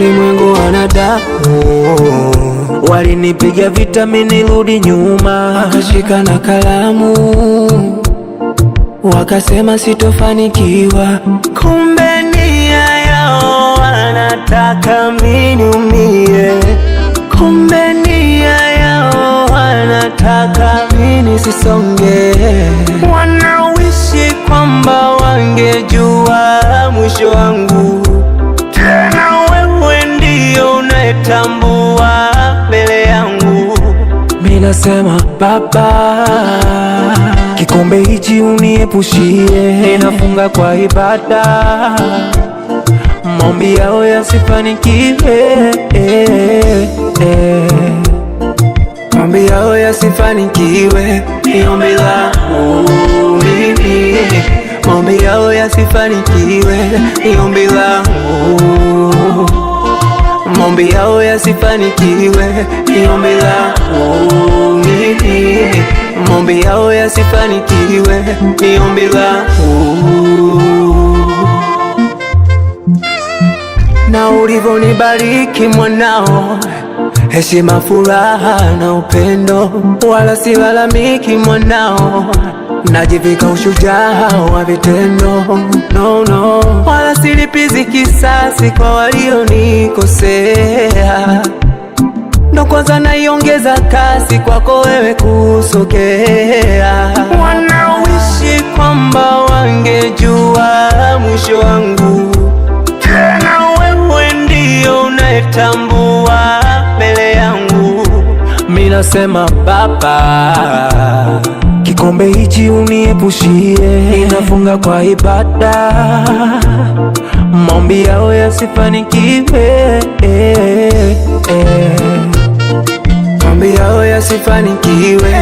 walimwengu wanadamu walinipiga vitamini rudi nyuma, wakashika na kalamu wakasema sitofanikiwa. Kumbe nia yao wanataka miniumie, kumbe nia yao wanataka mini sisonge. Wanawishi kwamba wangejua mwisho wangu kutambua mbele yangu. Mimi nasema Baba, kikombe hichi uniepushie. Ninafunga kwa ibada, maombi yao yasifanikiwe, maombi yao yasifanikiwe, ni ombi langu mimi, maombi yao yasifanikiwe, ni ombi langu maombi yao yasifanikiwe, ni ombi la Maombi yao yasifanikiwe, ni ombi la na ulivonibariki mwanao, heshima, furaha na upendo, wala silalamiki mwanao najivika ushujaa wa vitendo no, no. Wala silipizi kisasi kwa walionikosea, ndo kwanza naiongeza kasi kwako wewe kusokea. Wanawishi kwamba wangejua mwisho wangu, tena wewe ndio unaetambua mbele yangu. Minasema baba kikombe hichi uniepushie, inafunga kwa ibada, maombi yao yasifanikiwe, maombi yao yasifanikiwe,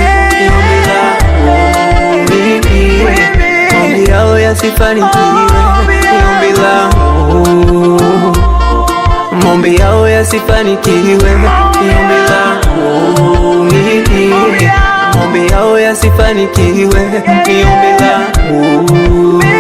maombi yao yasifanikiwe, maombi yao yasifanikiwe maombi yao yasifanikiwe, ni ombi langu